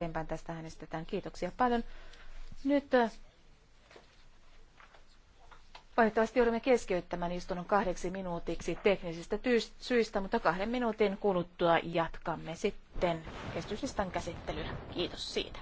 eteenpäin tästä äänestetään. Kiitoksia paljon. Nyt äh, valitettavasti joudumme keskeyttämään istunnon kahdeksi minuutiksi teknisistä syistä, mutta kahden minuutin kuluttua jatkamme sitten kestyslistan käsittelyä. Kiitos siitä.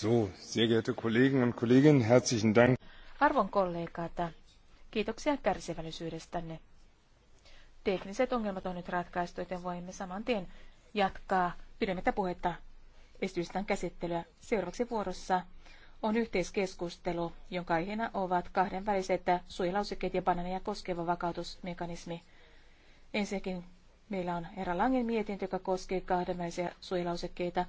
So, sehr geehrte Kollegen und Kolleginnen, herzlichen Dank. Arvon kollegat, kiitoksia kärsivällisyydestänne. Tekniset ongelmat on nyt ratkaistu, joten voimme saman tien jatkaa pidemmittä puhetta esitysten käsittelyä. Seuraavaksi vuorossa on yhteiskeskustelu, jonka aiheena ovat kahdenväliset suojelausekkeet ja bananeja koskeva vakautusmekanismi. Ensinnäkin meillä on herra Langen mietintö, joka koskee kahdenvälisiä suojelausekkeita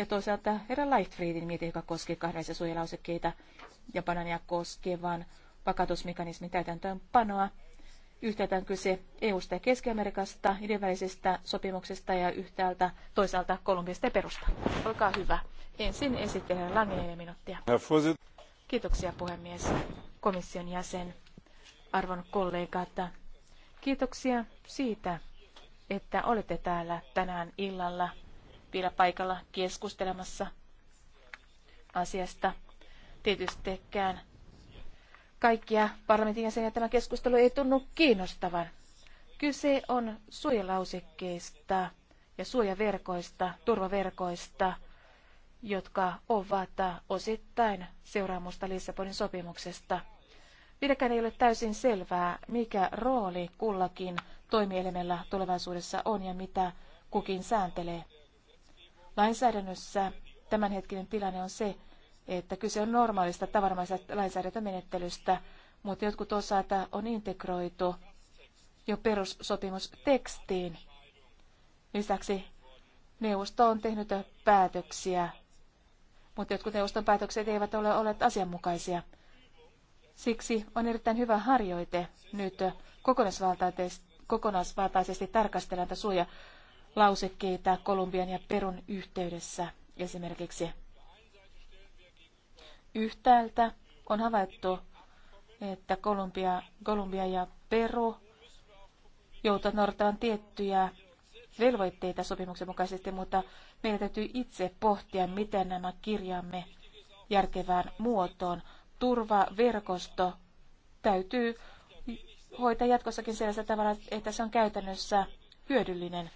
ja toisaalta herra Lightfriedin mieti, joka koski kahdenlaisia suojelausekkeita ja banania koskevan vakautusmekanismin täytäntöönpanoa. Yhtäältä on kyse EU-sta ja Keski-Amerikasta, idevälisestä sopimuksesta ja yhtäältä toisaalta Kolumbiasta ja Perusta. Olkaa hyvä. Ensin esittelen Lange neljä minuuttia. Kiitoksia puhemies, komission jäsen, arvon kollegat. Kiitoksia siitä, että olette täällä tänään illalla vielä paikalla keskustelemassa asiasta. Tietystikään kaikkia parlamentin jäseniä tämä keskustelu ei tunnu kiinnostavan. Kyse on suojalausekkeista ja suojaverkoista, turvaverkoista, jotka ovat osittain seuraamusta Lissabonin sopimuksesta. Vieläkään ei ole täysin selvää, mikä rooli kullakin toimielimellä tulevaisuudessa on ja mitä kukin sääntelee. Lainsäädännössä tämänhetkinen tilanne on se, että kyse on normaalista tavanomaisesta lainsäädäntömenettelystä, mutta jotkut osat on integroitu jo perussopimustekstiin. Lisäksi neuvosto on tehnyt päätöksiä, mutta jotkut neuvoston päätökset eivät ole olleet asianmukaisia. Siksi on erittäin hyvä harjoite nyt kokonaisvaltaisesti, kokonaisvaltaisesti tarkastella näitä lausekkeita Kolumbian ja Perun yhteydessä esimerkiksi. Yhtäältä on havaittu, että Kolumbia, Kolumbia ja Peru joutuvat noudattamaan tiettyjä velvoitteita sopimuksen mukaisesti, mutta meidän täytyy itse pohtia, miten nämä kirjaamme järkevään muotoon. Turvaverkosto täytyy hoitaa jatkossakin sellaisella tavalla, että se on käytännössä hyödyllinen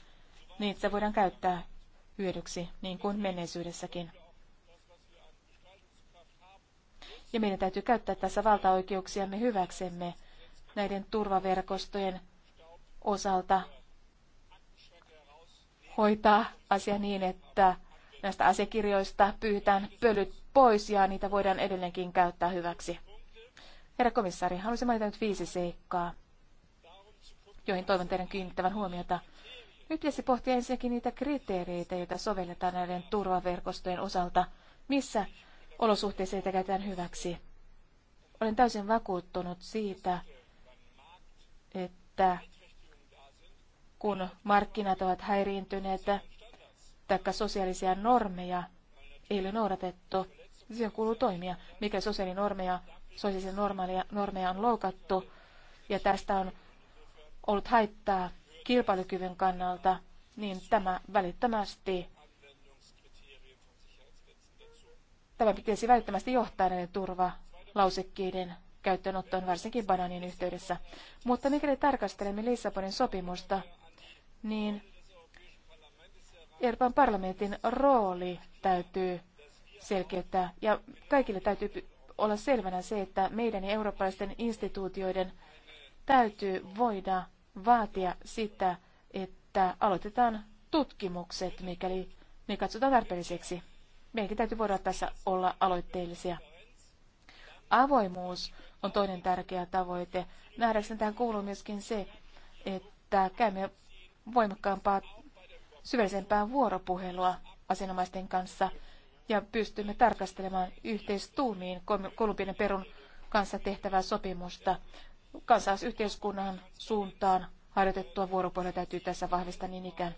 Niitä niin, voidaan käyttää hyödyksi, niin kuin menneisyydessäkin. Ja meidän täytyy käyttää tässä valtaoikeuksiamme hyväksemme näiden turvaverkostojen osalta hoitaa asia niin, että näistä asiakirjoista pyytään pölyt pois ja niitä voidaan edelleenkin käyttää hyväksi. Herra komissaari, haluaisin mainita nyt viisi seikkaa, joihin toivon teidän kiinnittävän huomiota. Nyt pitäisi pohtia ensinnäkin niitä kriteereitä, joita sovelletaan näiden turvaverkostojen osalta. Missä olosuhteissa niitä käytetään hyväksi? Olen täysin vakuuttunut siitä, että kun markkinat ovat häiriintyneet taikka sosiaalisia normeja ei ole noudatettu, niin siihen kuuluu toimia. Mikä sosiaalinormeja, sosiaalisia normeja, normeja on loukattu, ja tästä on ollut haittaa kilpailukyvyn kannalta, niin tämä välittömästi Tämä pitäisi välittömästi johtaa näiden turvalausekkeiden käyttöönottoon, varsinkin bananin yhteydessä. Mutta mikäli tarkastelemme Lissabonin sopimusta, niin Euroopan parlamentin rooli täytyy selkeyttää. Ja kaikille täytyy olla selvänä se, että meidän ja eurooppalaisten instituutioiden täytyy voida vaatia sitä, että aloitetaan tutkimukset, mikäli ne katsotaan tarpeelliseksi. Meidänkin täytyy voida tässä olla aloitteellisia. Avoimuus on toinen tärkeä tavoite. Nähdäkseni tähän kuuluu myöskin se, että käymme voimakkaampaa, syvällisempää vuoropuhelua asianomaisten kanssa ja pystymme tarkastelemaan yhteistuumiin Kolumbian perun kanssa tehtävää sopimusta kansalaisyhteiskunnan suuntaan harjoitettua vuoropuhelua täytyy tässä vahvistaa niin ikään.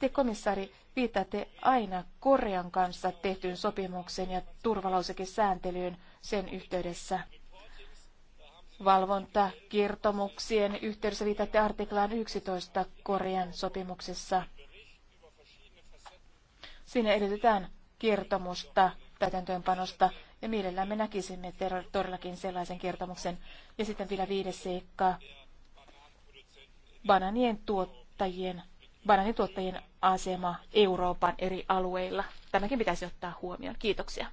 Te, komissaari, viitaatte aina Korean kanssa tehtyyn sopimukseen ja turvalausekesääntelyyn sen yhteydessä. Valvonta kertomuksien yhteydessä viitatte artiklaan 11 Korean sopimuksessa. Siinä edellytetään kertomusta täytäntöönpanosta ja mielellämme näkisimme todellakin sellaisen kertomuksen. Ja sitten vielä viides seikka, bananien tuottajien, bananituottajien asema Euroopan eri alueilla. Tämäkin pitäisi ottaa huomioon. Kiitoksia.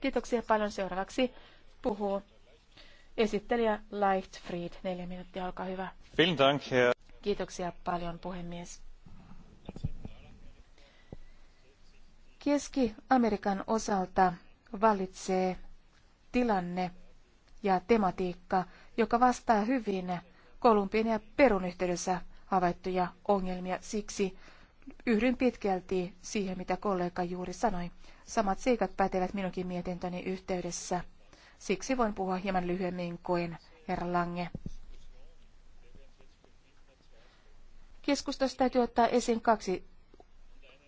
Kiitoksia paljon. Seuraavaksi puhuu esittelijä Leichtfried. Neljä minuuttia, olkaa hyvä. Kiitoksia paljon puhemies. Keski-Amerikan osalta vallitsee tilanne ja tematiikka, joka vastaa hyvin Kolumbian ja Perun yhteydessä havaittuja ongelmia. Siksi yhdyn pitkälti siihen, mitä kollega juuri sanoi. Samat seikat pätevät minunkin mietintöni yhteydessä. Siksi voin puhua hieman lyhyemmin kuin herra Lange. Keskustassa täytyy ottaa esiin kaksi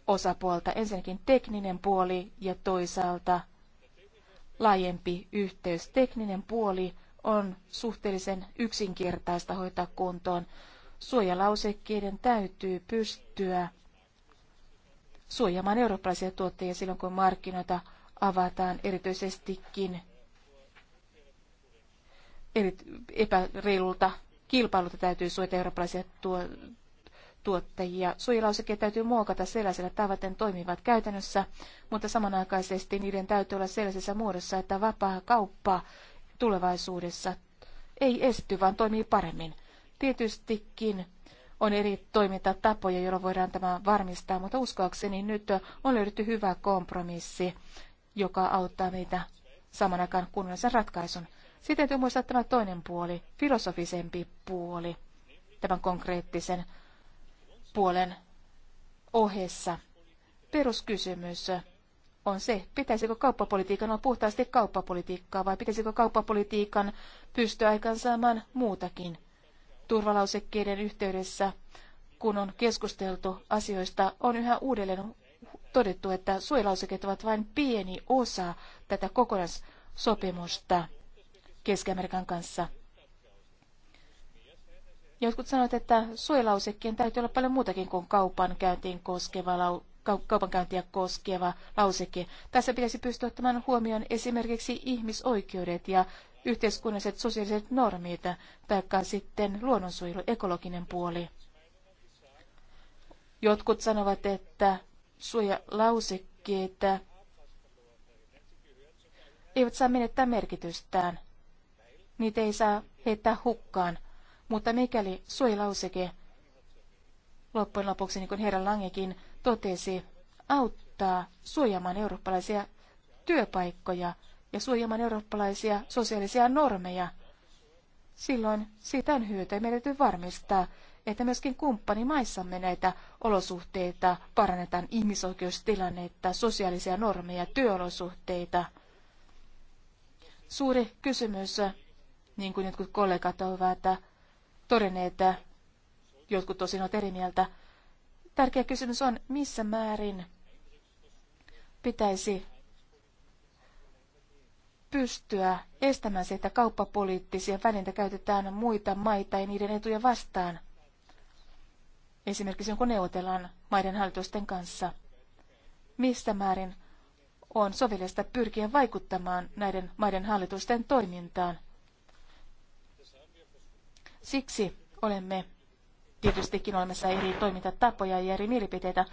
osapuolta. Ensinnäkin tekninen puoli ja toisaalta laajempi yhteys. Tekninen puoli on suhteellisen yksinkertaista hoitaa kuntoon. Suojalausekkeiden täytyy pystyä suojaamaan eurooppalaisia tuotteita silloin, kun markkinoita avataan erityisestikin epäreilulta kilpailulta täytyy suojata eurooppalaisia tuotteita tuottajia. Suojelausekkeet täytyy muokata sellaisella tavaten toimivat käytännössä, mutta samanaikaisesti niiden täytyy olla sellaisessa muodossa, että vapaa kauppa tulevaisuudessa ei esty, vaan toimii paremmin. Tietystikin on eri toimintatapoja, joilla voidaan tämä varmistaa, mutta uskoakseni nyt on löydetty hyvä kompromissi, joka auttaa meitä saman aikaan kunnollisen ratkaisun. Sitten täytyy muistaa tämä toinen puoli, filosofisempi puoli, tämän konkreettisen puolen ohessa. Peruskysymys on se, pitäisikö kauppapolitiikan olla puhtaasti kauppapolitiikkaa vai pitäisikö kauppapolitiikan pystyä aikaansaamaan muutakin. Turvalausekkeiden yhteydessä, kun on keskusteltu asioista, on yhä uudelleen todettu, että suojelausekkeet ovat vain pieni osa tätä kokonaissopimusta Keski-Amerikan kanssa. Jotkut sanovat, että suojalausekkeen täytyy olla paljon muutakin kuin kaupankäyntiin koskeva lau- kaupankäyntiä koskeva lauseke. Tässä pitäisi pystyä ottamaan huomioon esimerkiksi ihmisoikeudet ja yhteiskunnalliset sosiaaliset normit, taikka sitten luonnonsuojelu, ekologinen puoli. Jotkut sanovat, että suojalausekkeet eivät saa menettää merkitystään. Niitä ei saa heittää hukkaan, mutta mikäli suojelauseke loppujen lopuksi, niin kuin herra Langekin totesi, auttaa suojaamaan eurooppalaisia työpaikkoja ja suojaamaan eurooppalaisia sosiaalisia normeja, silloin siitä on hyötyä ja meidän täytyy varmistaa, että myöskin kumppanimaissamme näitä olosuhteita parannetaan ihmisoikeustilannetta, sosiaalisia normeja, työolosuhteita. Suuri kysymys, niin kuin jotkut kollegat ovat todenneet, jotkut tosin ovat eri mieltä. Tärkeä kysymys on, missä määrin pitäisi pystyä estämään se, että kauppapoliittisia välineitä käytetään muita maita ja niiden etuja vastaan. Esimerkiksi kun neuvotellaan maiden hallitusten kanssa. Mistä määrin on sovellista pyrkiä vaikuttamaan näiden maiden hallitusten toimintaan? Siksi olemme tietystikin olemassa eri toimintatapoja ja eri mielipiteitä,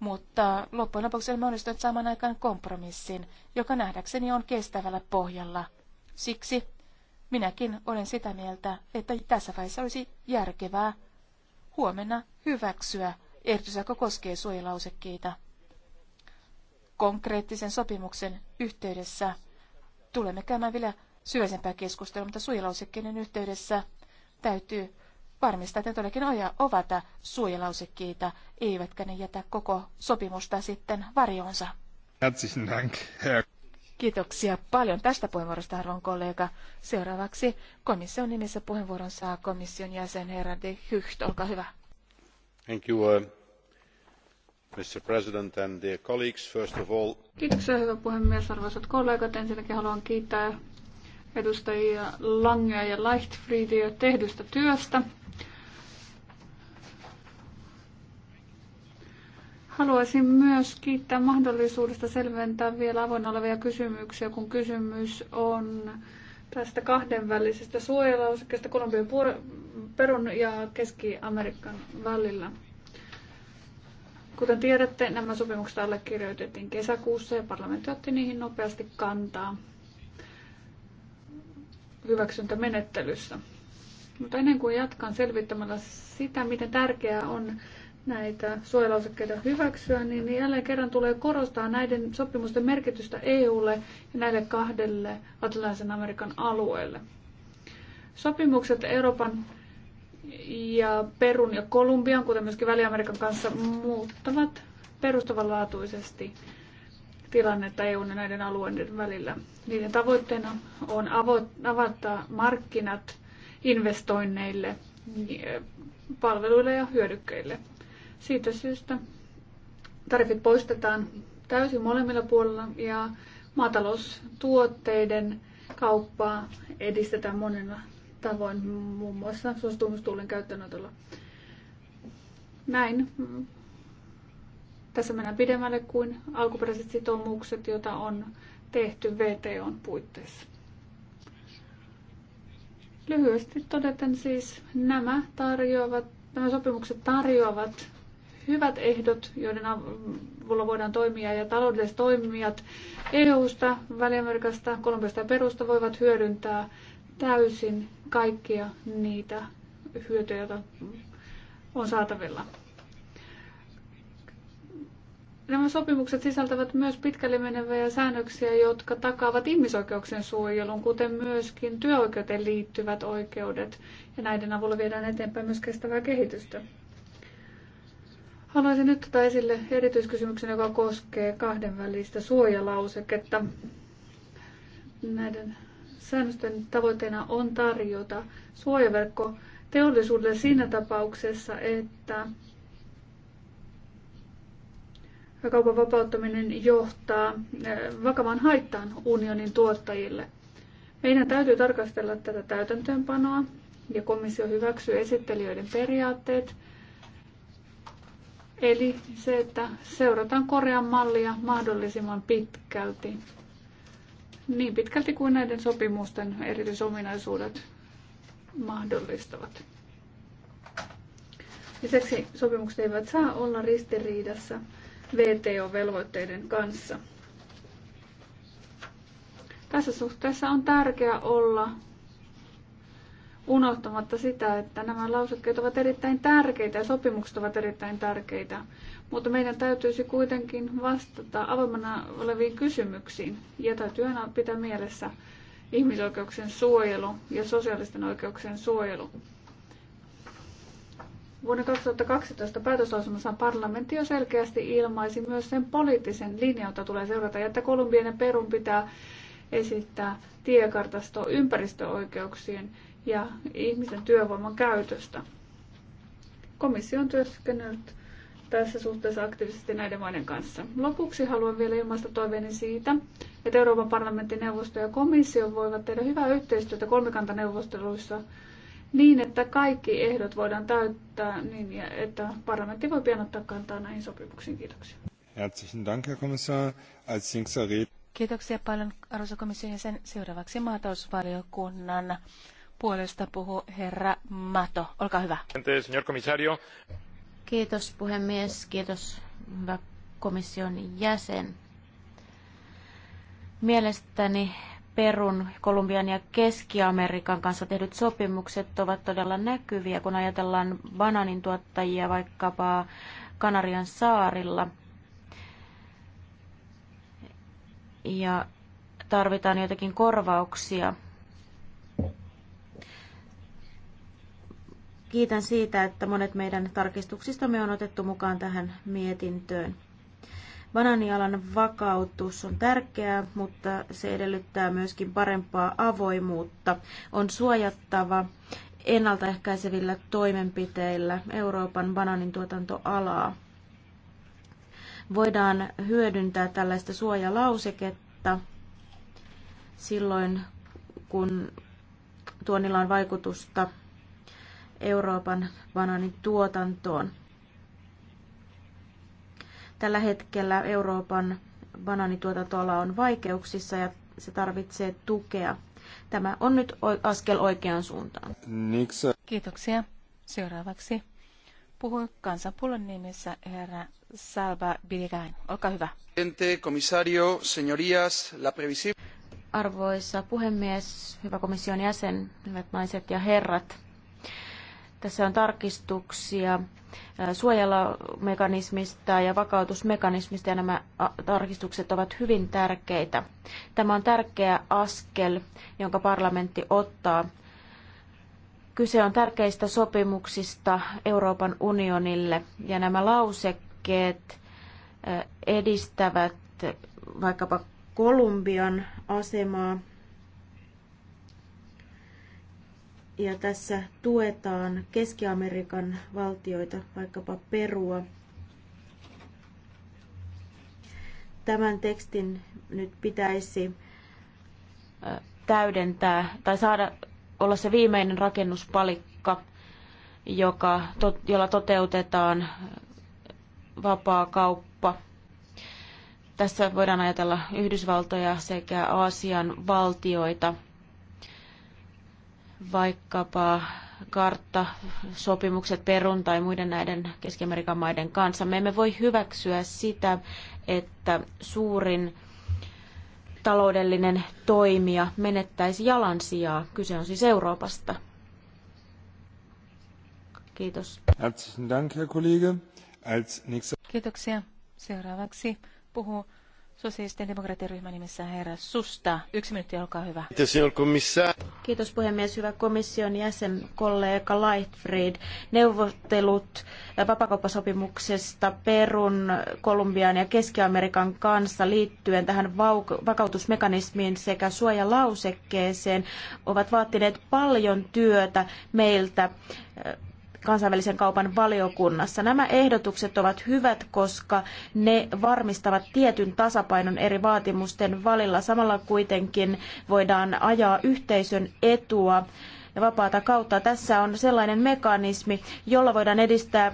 mutta loppujen lopuksi olemme onnistuneet saamaan aikaan kompromissin, joka nähdäkseni on kestävällä pohjalla. Siksi minäkin olen sitä mieltä, että tässä vaiheessa olisi järkevää huomenna hyväksyä ehdotus, joka koskee suojelausekkeita. Konkreettisen sopimuksen yhteydessä tulemme käymään vielä syvällisempää keskustelua, mutta suojelausekkeiden yhteydessä – täytyy varmistaa, että todellakin oja ovat suojalausekkeita, eivätkä ne jätä koko sopimusta sitten varjoonsa. Kiitoksia paljon tästä puheenvuorosta, arvon kollega. Seuraavaksi komission nimissä puheenvuoron saa komission jäsen herra de Hücht. Olkaa hyvä. Thank you, uh, Mr. President and dear colleagues. First of all... Kiitoksia, hyvä puhemies, arvoisat kollegat. Ensinnäkin haluan kiittää edustajia Langea ja Leichtfriedia tehdystä työstä. Haluaisin myös kiittää mahdollisuudesta selventää vielä avoinna olevia kysymyksiä, kun kysymys on tästä kahdenvälisestä suojelausekkeesta Kolumbian, Perun ja Keski-Amerikan välillä. Kuten tiedätte, nämä sopimukset allekirjoitettiin kesäkuussa ja parlamentti otti niihin nopeasti kantaa hyväksyntämenettelyssä. Mutta ennen kuin jatkan selvittämällä sitä, miten tärkeää on näitä suojelausekkeita hyväksyä, niin, niin jälleen kerran tulee korostaa näiden sopimusten merkitystä EUlle ja näille kahdelle Atlantisen Amerikan alueelle. Sopimukset Euroopan ja Perun ja Kolumbian, kuten myöskin Väli-Amerikan kanssa, muuttavat perustavanlaatuisesti tilannetta EUn ja näiden alueiden välillä. Niiden tavoitteena on avata markkinat investoinneille, palveluille ja hyödykkeille. Siitä syystä tarifit poistetaan täysin molemmilla puolilla ja maataloustuotteiden kauppaa edistetään monella tavoin, muun muassa suostumustuulen käyttöönotolla. Näin tässä mennään pidemmälle kuin alkuperäiset sitoumukset, joita on tehty VTOn puitteissa. Lyhyesti todeten siis nämä, tarjoavat, nämä sopimukset tarjoavat hyvät ehdot, joiden avulla voidaan toimia ja taloudelliset toimijat EU-sta, Väli-Amerikasta, Kolumbiasta ja Perusta voivat hyödyntää täysin kaikkia niitä hyötyjä, joita on saatavilla. Nämä sopimukset sisältävät myös pitkälle meneviä säännöksiä, jotka takaavat ihmisoikeuksien suojelun, kuten myöskin työoikeuteen liittyvät oikeudet, ja näiden avulla viedään eteenpäin myös kestävää kehitystä. Haluaisin nyt ottaa esille erityiskysymyksen, joka koskee kahdenvälistä suojalauseketta. Näiden säännösten tavoitteena on tarjota suojaverkko teollisuudelle siinä tapauksessa, että kaupan vapauttaminen johtaa vakavaan haittaan unionin tuottajille. Meidän täytyy tarkastella tätä täytäntöönpanoa ja komissio hyväksyy esittelijöiden periaatteet. Eli se, että seurataan Korean mallia mahdollisimman pitkälti. Niin pitkälti kuin näiden sopimusten erityisominaisuudet mahdollistavat. Lisäksi sopimukset eivät saa olla ristiriidassa VTO-velvoitteiden kanssa. Tässä suhteessa on tärkeää olla unohtamatta sitä, että nämä lausekkeet ovat erittäin tärkeitä ja sopimukset ovat erittäin tärkeitä, mutta meidän täytyisi kuitenkin vastata avoimena oleviin kysymyksiin ja täytyy aina pitää mielessä ihmisoikeuksien suojelu ja sosiaalisten oikeuksien suojelu. Vuonna 2012 päätöslausumassaan parlamentti jo selkeästi ilmaisi myös sen poliittisen linjan, jota tulee seurata, ja että Kolumbian ja Perun pitää esittää tiekartasto ympäristöoikeuksien ja ihmisen työvoiman käytöstä. Komissio on työskennellyt tässä suhteessa aktiivisesti näiden maiden kanssa. Lopuksi haluan vielä ilmaista toiveeni siitä, että Euroopan parlamentin neuvosto ja komissio voivat tehdä hyvää yhteistyötä kolmikantaneuvosteluissa niin, että kaikki ehdot voidaan täyttää niin, että parlamentti voi pian ottaa kantaa näihin sopimuksiin. Kiitoksia. Herzlichen Dank, Herr Kommissar. Als Kiitoksia paljon arvoisa komission jäsen. Seuraavaksi maatalousvaliokunnan puolesta puhuu herra Mato. Olkaa hyvä. Kiitos puhemies, kiitos hyvä komission jäsen. Mielestäni Perun, Kolumbian ja Keski-Amerikan kanssa tehdyt sopimukset ovat todella näkyviä, kun ajatellaan bananin tuottajia vaikkapa Kanarian saarilla. Ja tarvitaan jotakin korvauksia. Kiitän siitä, että monet meidän tarkistuksistamme on otettu mukaan tähän mietintöön. Bananialan vakautus on tärkeää, mutta se edellyttää myöskin parempaa avoimuutta. On suojattava ennaltaehkäisevillä toimenpiteillä Euroopan bananin tuotantoalaa. Voidaan hyödyntää tällaista suojalauseketta silloin, kun tuonnilla on vaikutusta Euroopan bananin tuotantoon. Tällä hetkellä Euroopan bananituotantoala on vaikeuksissa ja se tarvitsee tukea. Tämä on nyt askel oikeaan suuntaan. Kiitoksia. Seuraavaksi puhuu kansanpuolen nimessä herra Salva Birigain. Olkaa hyvä. señorías, la Arvoisa puhemies, hyvä komission jäsen, hyvät naiset ja herrat. Tässä on tarkistuksia suojelumekanismista ja vakautusmekanismista ja nämä tarkistukset ovat hyvin tärkeitä. Tämä on tärkeä askel, jonka parlamentti ottaa. Kyse on tärkeistä sopimuksista Euroopan unionille ja nämä lausekkeet edistävät vaikkapa Kolumbian asemaa Ja tässä tuetaan Keski-Amerikan valtioita, vaikkapa Perua. Tämän tekstin nyt pitäisi täydentää tai saada olla se viimeinen rakennuspalikka, joka, jolla toteutetaan vapaa kauppa. Tässä voidaan ajatella Yhdysvaltoja sekä Aasian valtioita – vaikkapa kartta, sopimukset Perun tai muiden näiden Keski-Amerikan maiden kanssa. Me emme voi hyväksyä sitä, että suurin taloudellinen toimija menettäisi jalansijaa. Kyse on siis Euroopasta. Kiitos. Herzlichen Dank, Herr Kollege. Als nächster... Kiitoksia. Seuraavaksi puhuu Sosiaalisten demokratiaryhmän nimessä herra Susta. Yksi minuutti, olkaa hyvä. Kiitos puhemies. Hyvä komission jäsen, kollega Lightfried. Neuvottelut vapakauppasopimuksesta Perun, Kolumbian ja Keski-Amerikan kanssa liittyen tähän vakautusmekanismiin sekä suojalausekkeeseen ovat vaatineet paljon työtä meiltä kansainvälisen kaupan valiokunnassa. Nämä ehdotukset ovat hyvät, koska ne varmistavat tietyn tasapainon eri vaatimusten valilla. Samalla kuitenkin voidaan ajaa yhteisön etua ja vapaata kautta. Tässä on sellainen mekanismi, jolla voidaan edistää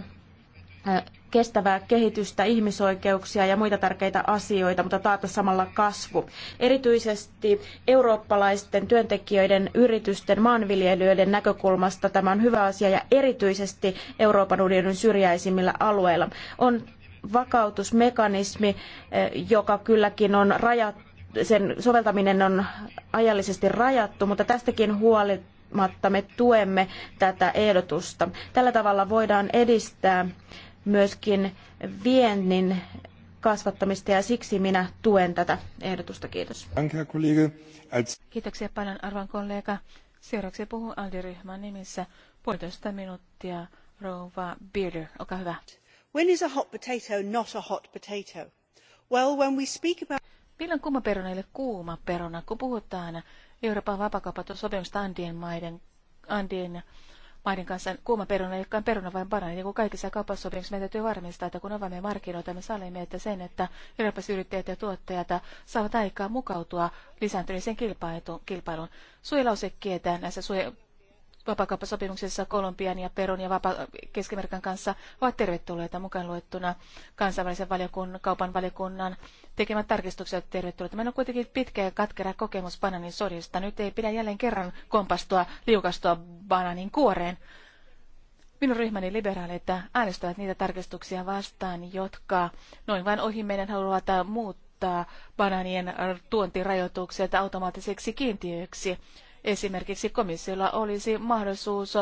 kestävää kehitystä, ihmisoikeuksia ja muita tärkeitä asioita, mutta taata samalla kasvu. Erityisesti eurooppalaisten työntekijöiden, yritysten, maanviljelijöiden näkökulmasta tämä on hyvä asia ja erityisesti Euroopan unionin syrjäisimmillä alueilla. On vakautusmekanismi, eh, joka kylläkin on rajattu sen soveltaminen on ajallisesti rajattu, mutta tästäkin huolimatta me tuemme tätä ehdotusta. Tällä tavalla voidaan edistää myöskin viennin kasvattamista ja siksi minä tuen tätä ehdotusta. Kiitos. Kiitoksia paljon arvon kollega. Seuraavaksi puhuu Aldi-ryhmän nimissä puolitoista minuuttia rouva Bearder. Olkaa hyvä. When is a hot potato not a hot potato? Well, when we speak about... Milloin kuuma peruna ei ole kuuma peruna, kun puhutaan Euroopan vapakauppatosopimusta Andien maiden, Andien maiden kanssa kuuma peruna, joka on peruna vain banani, niin kuin kaikissa kauppasopimuksissa meidän täytyy varmistaa, että kun avaamme markkinoita, me sallimme että sen, että Euroopassa yrittäjät ja tuottajat saavat aikaa lisääntyneeseen kilpailuun. Suojelausekkeitä näissä suoja- vapakauppasopimuksessa Kolumbian ja Perun ja vapa- Keski-Amerikan kanssa ovat tervetulleita mukaan luettuna kansainvälisen valiokunnan, kaupan valiokunnan tekemät tarkistukset tervetulleita. Meillä on kuitenkin pitkä ja katkera kokemus bananin sodista. Nyt ei pidä jälleen kerran kompastua, liukastua bananin kuoreen. Minun ryhmäni liberaalit äänestävät niitä tarkistuksia vastaan, jotka noin vain ohi meidän haluavat muuttaa banaanien tuontirajoitukset automaattiseksi kiintiöiksi Esimerkiksi komissiolla olisi mahdollisuus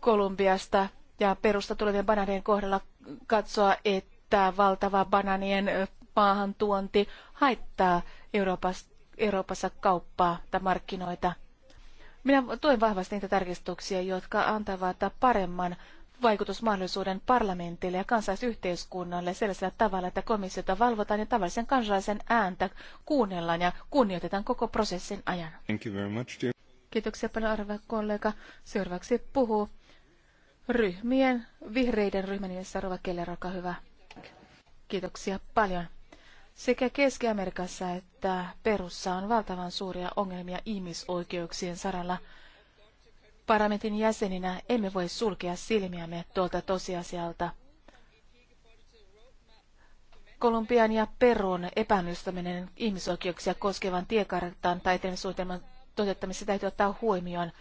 Kolumbiasta ja perusta tulevien bananien kohdalla katsoa, että valtava bananien maahantuonti haittaa Euroopassa, Euroopassa kauppaa tai markkinoita. Minä tuen vahvasti niitä tarkistuksia, jotka antavat paremman vaikutusmahdollisuuden parlamentille ja kansalaisyhteiskunnalle sellaisella tavalla, että komissiota valvotaan ja tavallisen kansalaisen ääntä kuunnellaan ja kunnioitetaan koko prosessin ajan. Thank you very much, dear. Kiitoksia paljon arvoa kollega. Seuraavaksi puhuu ryhmien, vihreiden ryhmän nimessä Rova Keller, olkaa hyvä. Kiitoksia paljon. Sekä Keski-Amerikassa että Perussa on valtavan suuria ongelmia ihmisoikeuksien saralla – Parlamentin jäseninä emme voi sulkea silmiämme tuolta tosiasialta. Kolumbian ja Perun epäonnistuminen ihmisoikeuksia koskevan tiekarttaan tai etenemisuunnitelman toteuttamisessa täytyy ottaa huomioon.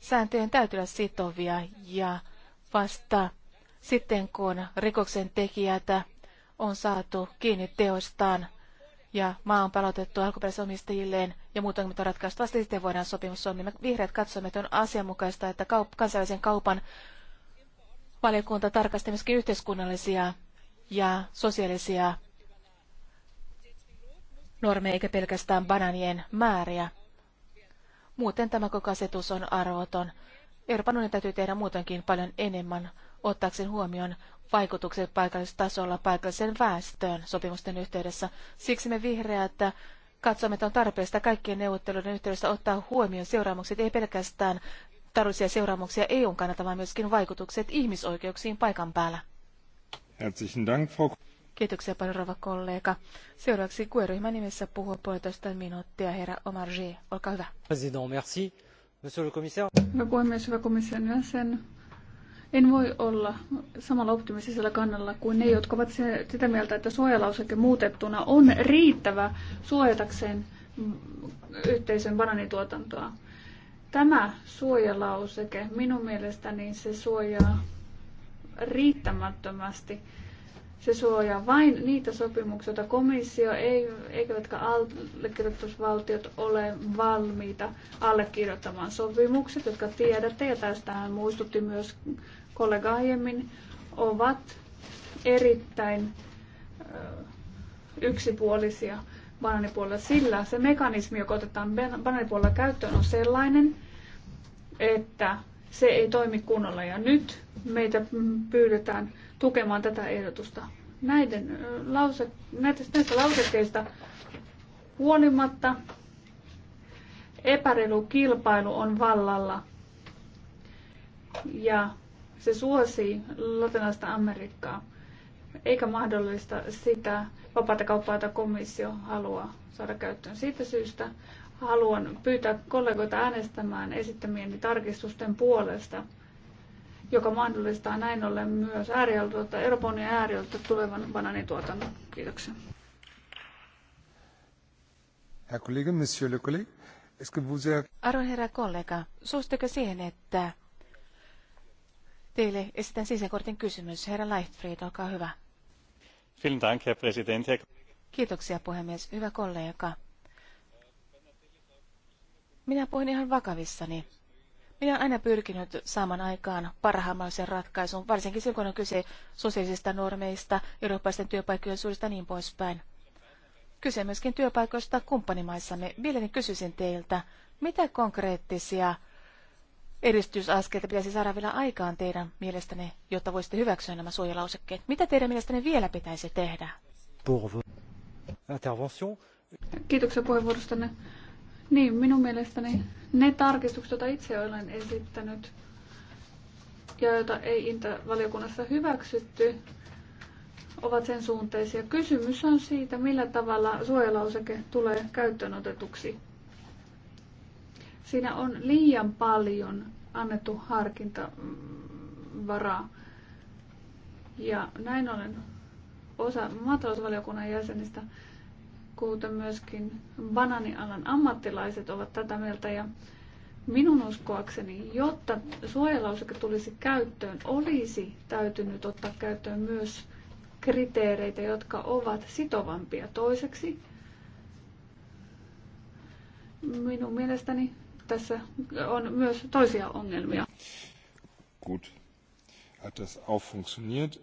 Sääntöjen täytyy olla sitovia ja vasta sitten kun rikoksen tekijätä on saatu kiinni teostaan, ja maa on palautettu alkuperäisomistajilleen ja ratkaistu vasta sitten voidaan sopimus solmia. Me vihreät katsomme, että on asianmukaista, että kaup- kansainvälisen kaupan valiokunta tarkastaa myöskin yhteiskunnallisia ja sosiaalisia normeja eikä pelkästään bananien määriä. Muuten tämä koko asetus on arvoton. Euroopan unionin täytyy tehdä muutenkin paljon enemmän ottaakseen huomioon vaikutukset paikallistasolla paikalliseen väestöön sopimusten yhteydessä. Siksi me vihreät katsomme, että on tarpeesta kaikkien neuvotteluiden yhteydessä ottaa huomioon seuraamukset, ei pelkästään taloudellisia seuraamuksia EUn kannalta, vaan myöskin vaikutukset ihmisoikeuksiin paikan päällä. Kiitoksia paljon, rouva kollega. Seuraavaksi QE-ryhmän nimessä puhuu puolitoista minuuttia herra Omar G. Olkaa hyvä. merci. Monsieur le commissaire. Hyvä puhemies, hyvä komission jäsen. En voi olla samalla optimistisella kannalla kuin ne, jotka ovat sitä mieltä, että suojalauseke muutettuna on riittävä suojatakseen yhteisön bananituotantoa. Tämä suojalauseke minun mielestäni se suojaa riittämättömästi se suojaa vain niitä sopimuksia, joita komissio ei, eivätkä allekirjoitusvaltiot ole valmiita allekirjoittamaan sopimukset, jotka tiedätte, ja tästähän muistutti myös kollega aiemmin, ovat erittäin yksipuolisia bananipuolella, sillä se mekanismi, joka otetaan bananipuolella käyttöön, on sellainen, että se ei toimi kunnolla. Ja nyt meitä mm, pyydetään tukemaan tätä ehdotusta. Näiden lause, näistä lausekkeista huolimatta epäreilu kilpailu on vallalla ja se suosii latinalaista Amerikkaa eikä mahdollista sitä vapaata kauppaa, jota komissio haluaa saada käyttöön. Siitä syystä haluan pyytää kollegoita äänestämään esittämieni tarkistusten puolesta – joka mahdollistaa näin ollen myös äärialueelta, Euroopan ja äärialueelta tulevan bananituotannon. Kiitoksia. Arvo Monsieur le herra kollega, suostuiko siihen, että teille esitän sisäkortin kysymys. Herra Leichtfried, olkaa hyvä. Kiitoksia puhemies. Hyvä kollega. Minä puhun ihan vakavissani. Minä olen aina pyrkinyt saamaan aikaan parhaamallisen ratkaisun, varsinkin silloin, kun on kyse sosiaalisista normeista, eurooppalaisten työpaikkojen suurista ja niin poispäin. Kyse myöskin työpaikoista kumppanimaissamme. Mielelläni kysyisin teiltä, mitä konkreettisia edistysaskelta pitäisi saada vielä aikaan teidän mielestänne, jotta voisitte hyväksyä nämä suojalausekkeet? Mitä teidän mielestänne vielä pitäisi tehdä? Kiitoksia puheenvuorostanne. Niin, minun mielestäni ne tarkistukset, joita itse olen esittänyt ja joita ei Inta-valiokunnassa hyväksytty, ovat sen suunteisia. Kysymys on siitä, millä tavalla suojalauseke tulee käyttöön otetuksi. Siinä on liian paljon annettu harkintavaraa. Ja näin ollen osa maatalousvaliokunnan jäsenistä kuten myöskin bananialan ammattilaiset ovat tätä mieltä. Ja minun uskoakseni, jotta suojalauseke tulisi käyttöön, olisi täytynyt ottaa käyttöön myös kriteereitä, jotka ovat sitovampia. Toiseksi minun mielestäni tässä on myös toisia ongelmia. Gut. Hat das auch funktioniert?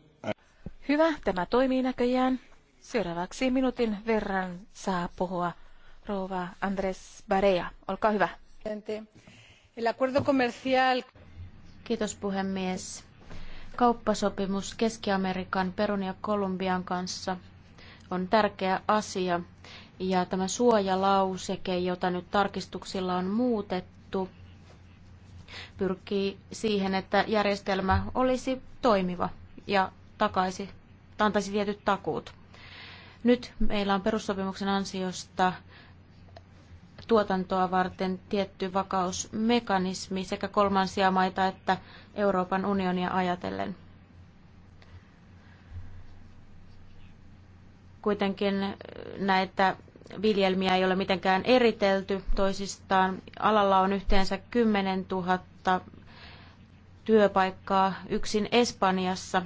Hyvä, tämä toimii näköjään. Seuraavaksi minuutin verran saa puhua rouva Andres Barea. Olkaa hyvä. Kiitos puhemies. Kauppasopimus Keski-Amerikan, Perun ja Kolumbian kanssa on tärkeä asia. Ja tämä suojalauseke, jota nyt tarkistuksilla on muutettu, pyrkii siihen, että järjestelmä olisi toimiva ja takaisi, antaisi tietyt takuut. Nyt meillä on perussopimuksen ansiosta tuotantoa varten tietty vakausmekanismi sekä kolmansia maita että Euroopan unionia ajatellen. Kuitenkin näitä viljelmiä ei ole mitenkään eritelty toisistaan. Alalla on yhteensä 10 000 työpaikkaa yksin Espanjassa.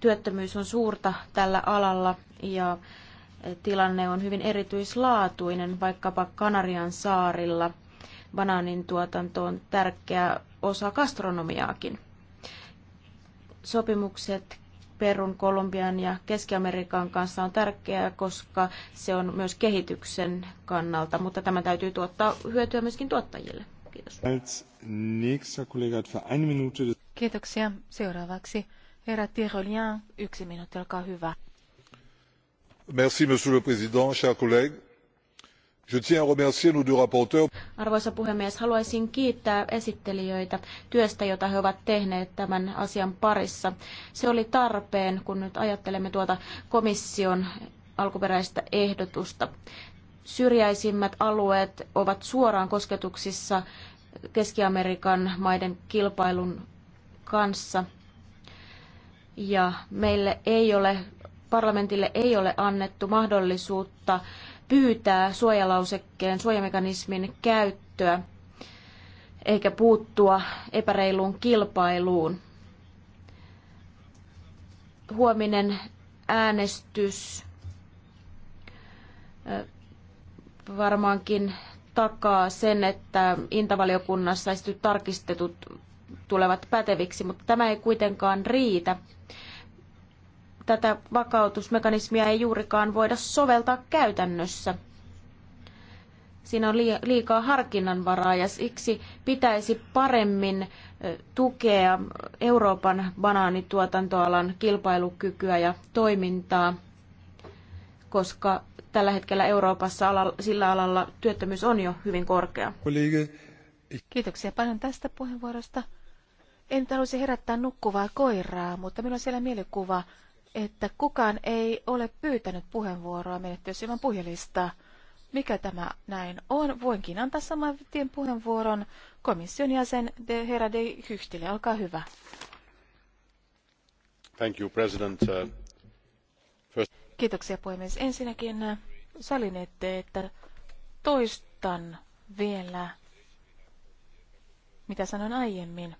Työttömyys on suurta tällä alalla – ja tilanne on hyvin erityislaatuinen vaikkapa Kanarian saarilla. Banaanin tuotanto on tärkeä osa gastronomiaakin. Sopimukset Perun, Kolumbian ja Keski-Amerikan kanssa on tärkeää, koska se on myös kehityksen kannalta, mutta tämä täytyy tuottaa hyötyä myöskin tuottajille. Kiitos. Kiitoksia. Seuraavaksi herra Tirolien, yksi minuutti, olkaa hyvä monsieur le président chers collègues je tiens à remercier nos deux rapporteurs. arvoisa puhemies haluaisin kiittää esittelijöitä työstä jota he ovat tehneet tämän asian parissa. se oli tarpeen kun nyt ajattelemme tuota komission alkuperäistä ehdotusta. syrjäisimmät alueet ovat suoraan kosketuksissa keski amerikan maiden kilpailun kanssa ja meille ei ole parlamentille ei ole annettu mahdollisuutta pyytää suojalausekkeen suojamekanismin käyttöä eikä puuttua epäreiluun kilpailuun. Huominen äänestys varmaankin takaa sen, että intavaliokunnassa esityt tarkistetut tulevat päteviksi, mutta tämä ei kuitenkaan riitä tätä vakautusmekanismia ei juurikaan voida soveltaa käytännössä. Siinä on liikaa harkinnanvaraa ja siksi pitäisi paremmin tukea Euroopan banaanituotantoalan kilpailukykyä ja toimintaa, koska tällä hetkellä Euroopassa sillä alalla työttömyys on jo hyvin korkea. Kiitoksia paljon tästä puheenvuorosta. En halusi herättää nukkuvaa koiraa, mutta minulla on siellä mielikuva että kukaan ei ole pyytänyt puheenvuoroa menettelyssä ilman puhelista. Mikä tämä näin on? Voinkin antaa saman tien puheenvuoron komission jäsen de herra de Hyhtille. Olkaa hyvä. Thank you, President. Uh, first... Kiitoksia puhemies. Ensinnäkin uh, salin ette, että toistan vielä, mitä sanoin aiemmin.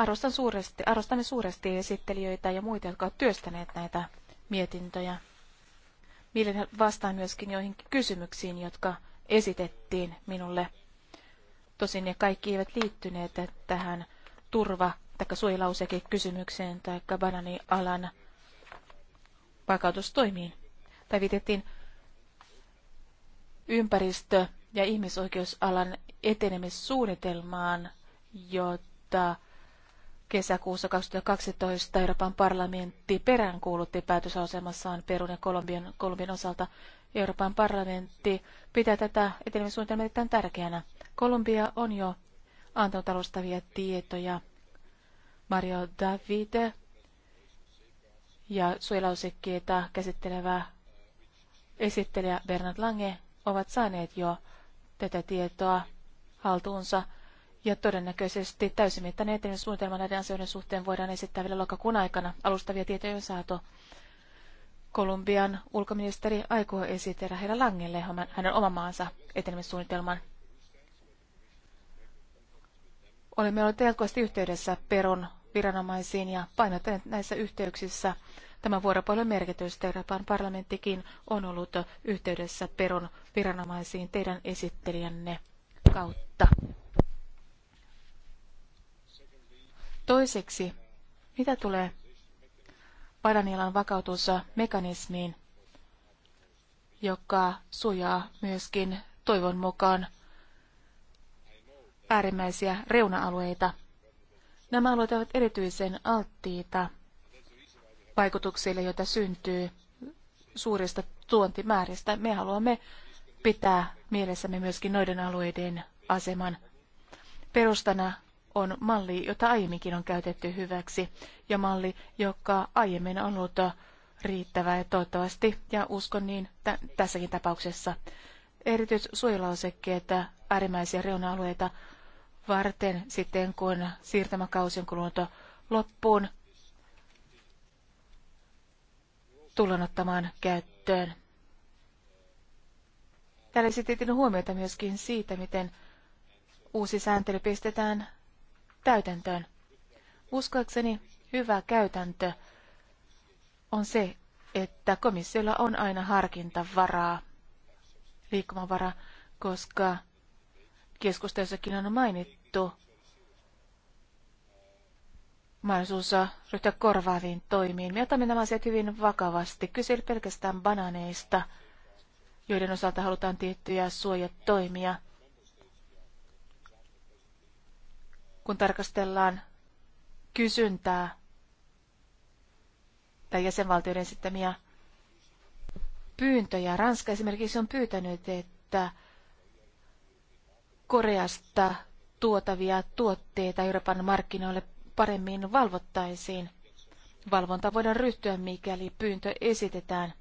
Arvostan suuresti, arvostamme suuresti esittelijöitä ja muita, jotka ovat työstäneet näitä mietintöjä. Mielen vastaan myöskin joihinkin kysymyksiin, jotka esitettiin minulle. Tosin ne kaikki eivät liittyneet tähän turva- tai suojelausekin kysymykseen tai bananialan vakautustoimiin. Tai viitettiin ympäristö- ja ihmisoikeusalan etenemissuunnitelmaan, jota Kesäkuussa 2012 Euroopan parlamentti peräänkuulutti päätösasemassaan Perun ja Kolumbian, Kolumbian osalta. Euroopan parlamentti pitää tätä etenemissuunnitelmaa erittäin tärkeänä. Kolumbia on jo antanut alustavia tietoja. Mario Davide ja suojelausekkeita käsittelevä esittelijä Bernard Lange ovat saaneet jo tätä tietoa haltuunsa ja todennäköisesti täysimittainen eteinen suunnitelma näiden asioiden suhteen voidaan esittää vielä lokakuun aikana. Alustavia tietoja on saatu. Kolumbian ulkoministeri aikoo esitellä heidän Langelle hänen oman maansa etenemissuunnitelman. Olemme olleet jatkuvasti yhteydessä Peron viranomaisiin ja painottaneet näissä yhteyksissä tämän vuoropuolen merkitystä. Euroopan parlamenttikin on ollut yhteydessä Peron viranomaisiin teidän esittelijänne kautta. Toiseksi, mitä tulee Padanilan vakautusmekanismiin, joka sujaa myöskin toivon mukaan äärimmäisiä reuna-alueita. Nämä alueet ovat erityisen alttiita vaikutuksille, joita syntyy suurista tuontimääristä. Me haluamme pitää mielessämme myöskin noiden alueiden aseman. Perustana on malli, jota aiemminkin on käytetty hyväksi ja malli, joka aiemmin on ollut riittävä ja toivottavasti, ja uskon niin t- tässäkin tapauksessa. Erityissuojelausekkeet äärimmäisiä reuna-alueita varten sitten, kun siirtymäkausi on kulunut loppuun, tullaan ottamaan käyttöön. Täällä esitettiin huomiota myöskin siitä, miten uusi sääntely pistetään täytäntöön. Uskoakseni hyvä käytäntö on se, että komissiolla on aina harkintavaraa, liikkumavara, koska keskustelussakin on mainittu mahdollisuus ryhtyä korvaaviin toimiin. Me otamme nämä asiat hyvin vakavasti. Kyse pelkästään bananeista, joiden osalta halutaan tiettyjä suojatoimia. kun tarkastellaan kysyntää tai jäsenvaltioiden esittämiä pyyntöjä. Ranska esimerkiksi on pyytänyt, että Koreasta tuotavia tuotteita Euroopan markkinoille paremmin valvottaisiin. Valvonta voidaan ryhtyä, mikäli pyyntö esitetään.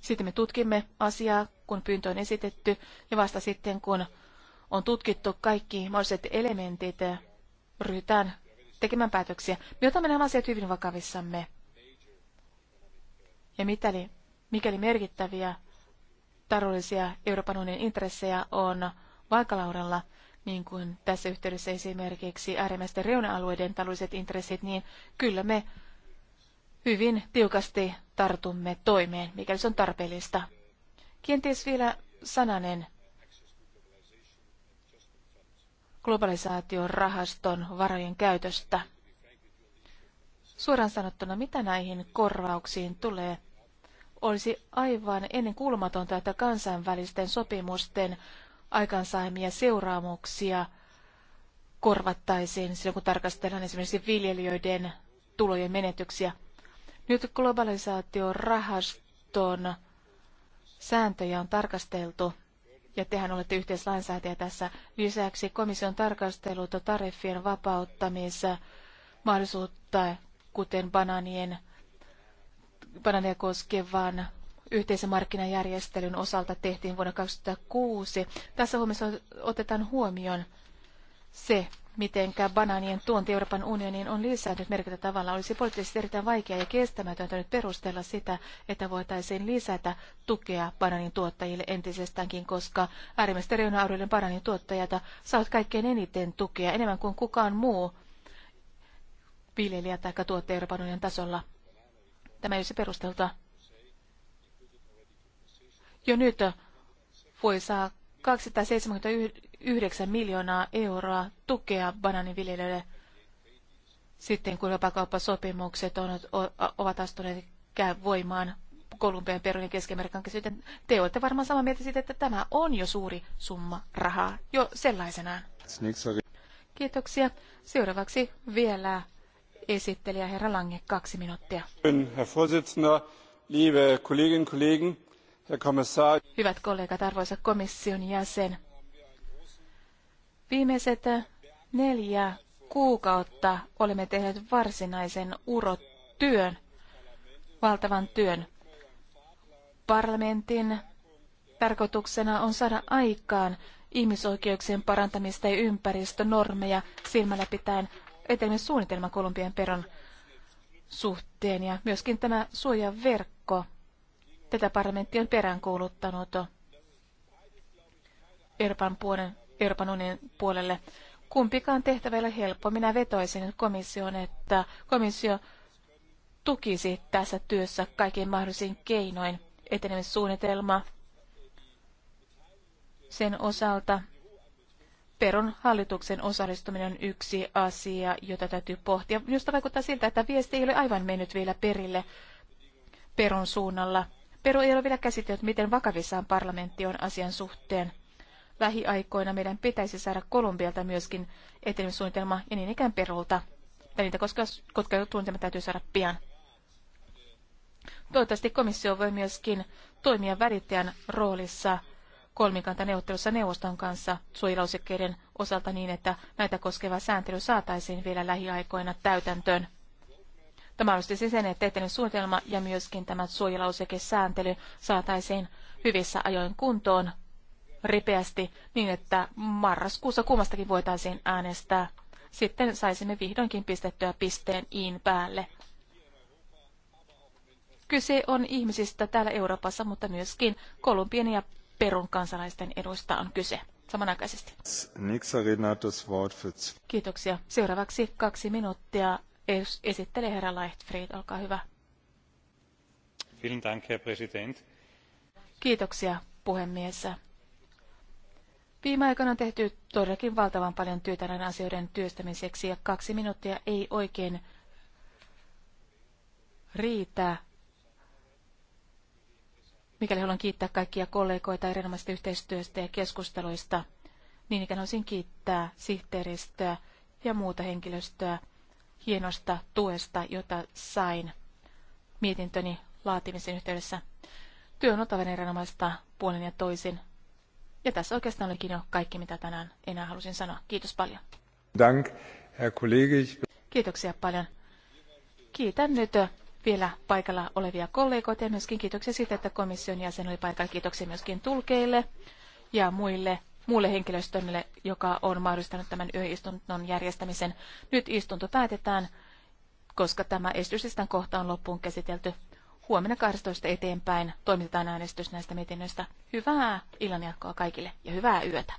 Sitten me tutkimme asiaa, kun pyyntö on esitetty, ja vasta sitten, kun on tutkittu kaikki mahdolliset elementit, ryhdytään tekemään päätöksiä. Me otamme nämä asiat hyvin vakavissamme. Ja mitäli, mikäli merkittäviä taloudellisia Euroopan unionin intressejä on vaakalaudalla, niin kuin tässä yhteydessä esimerkiksi äärimmäisten reuna-alueiden taloudelliset intressit, niin kyllä me hyvin tiukasti tartumme toimeen, mikäli se on tarpeellista. Kenties vielä sananen globalisaation rahaston varojen käytöstä. Suoraan sanottuna, mitä näihin korvauksiin tulee, olisi aivan ennen kulmatonta, että kansainvälisten sopimusten aikansaimia seuraamuksia korvattaisiin silloin, kun tarkastellaan esimerkiksi viljelijöiden tulojen menetyksiä. Nyt globalisaation rahaston sääntöjä on tarkasteltu ja tehän olette yhteislainsäätäjä tässä. Lisäksi komission tarkastelut tariffien vapauttamissa mahdollisuutta, kuten bananien, banania koskevan yhteisen markkinajärjestelyn osalta tehtiin vuonna 2006. Tässä huomioon otetaan huomioon se, miten banaanien tuonti Euroopan unioniin on lisännyt merkittävällä tavalla, olisi poliittisesti erittäin vaikea ja kestämätöntä nyt perustella sitä, että voitaisiin lisätä tukea banaanin tuottajille entisestäänkin, koska äärimmäisten reuna-alueiden banaanin tuottajat saavat kaikkein eniten tukea, enemmän kuin kukaan muu viljelijä tai tuottaja Euroopan unionin tasolla. Tämä ei olisi perusteltua. Jo nyt voi saa 271 9 miljoonaa euroa tukea banaaniviljelijöille sitten, kun vapakauppasopimukset ovat astuneet voimaan Kolumbian, Perun ja Keski-Amerikan kesken. te olette varmaan samaa mieltä siitä, että tämä on jo suuri summa rahaa jo sellaisenaan. Kiitoksia. Seuraavaksi vielä esittelijä herra Lange, kaksi minuuttia. Hyvät kollegat, arvoisa komission jäsen, Viimeiset äh, neljä kuukautta olemme tehneet varsinaisen urotyön, valtavan työn. Parlamentin tarkoituksena on saada aikaan ihmisoikeuksien parantamista ja ympäristönormeja silmällä pitäen suunnitelma Kolumbian peron suhteen ja myöskin tämä suojaverkko. Tätä parlamentti on peräänkuuluttanut Euroopan puolen Euroopan unionin puolelle. Kumpikaan tehtävä ei ole helppo. Minä vetoisin komission, että komissio tukisi tässä työssä kaikin mahdollisin keinoin etenemissuunnitelma sen osalta. Peron hallituksen osallistuminen on yksi asia, jota täytyy pohtia, Minusta vaikuttaa siltä, että viesti ei ole aivan mennyt vielä perille Peron suunnalla. Peru ei ole vielä käsitellyt, miten vakavissaan parlamentti on asian suhteen lähiaikoina meidän pitäisi saada Kolumbialta myöskin etenemissuunnitelma ja niin ikään Perulta. Ja niitä koska suunnitelma täytyy saada pian. Toivottavasti komissio voi myöskin toimia välittäjän roolissa kolmikantaneuvottelussa neuvoston kanssa suojelausekkeiden osalta niin, että näitä koskeva sääntely saataisiin vielä lähiaikoina täytäntöön. Tämä olisi siis sen, että eteinen suunnitelma ja myöskin tämä suojelausekesääntely saataisiin hyvissä ajoin kuntoon ripeästi niin, että marraskuussa kummastakin voitaisiin äänestää. Sitten saisimme vihdoinkin pistettyä pisteen iin päälle. Kyse on ihmisistä täällä Euroopassa, mutta myöskin Kolumbian ja Perun kansalaisten eduista on kyse samanaikaisesti. Kiitoksia. Seuraavaksi kaksi minuuttia esittelee herra Leichtfried. Olkaa hyvä. Kiitoksia puhemies. Viime aikoina on tehty todellakin valtavan paljon työtä näiden asioiden työstämiseksi ja kaksi minuuttia ei oikein riitä. Mikäli haluan kiittää kaikkia kollegoita erinomaisesta yhteistyöstä ja keskusteluista, niin ikään haluaisin kiittää sihteeristöä ja muuta henkilöstöä hienosta tuesta, jota sain mietintöni laatimisen yhteydessä. Työ on otavan erinomaista puolin ja toisin ja tässä oikeastaan olikin jo kaikki, mitä tänään enää halusin sanoa. Kiitos paljon. Dank, herr Kiitoksia paljon. Kiitän nyt vielä paikalla olevia kollegoita ja myöskin kiitoksia siitä, että komission jäsen oli paikalla. Kiitoksia myöskin tulkeille ja muille muulle henkilöstölle, joka on mahdollistanut tämän yöistunnon järjestämisen. Nyt istunto päätetään, koska tämä esityslistan kohta on loppuun käsitelty. Huomenna 12 eteenpäin toimitetaan äänestys näistä mietinnöistä. Hyvää illanjatkoa kaikille ja hyvää yötä.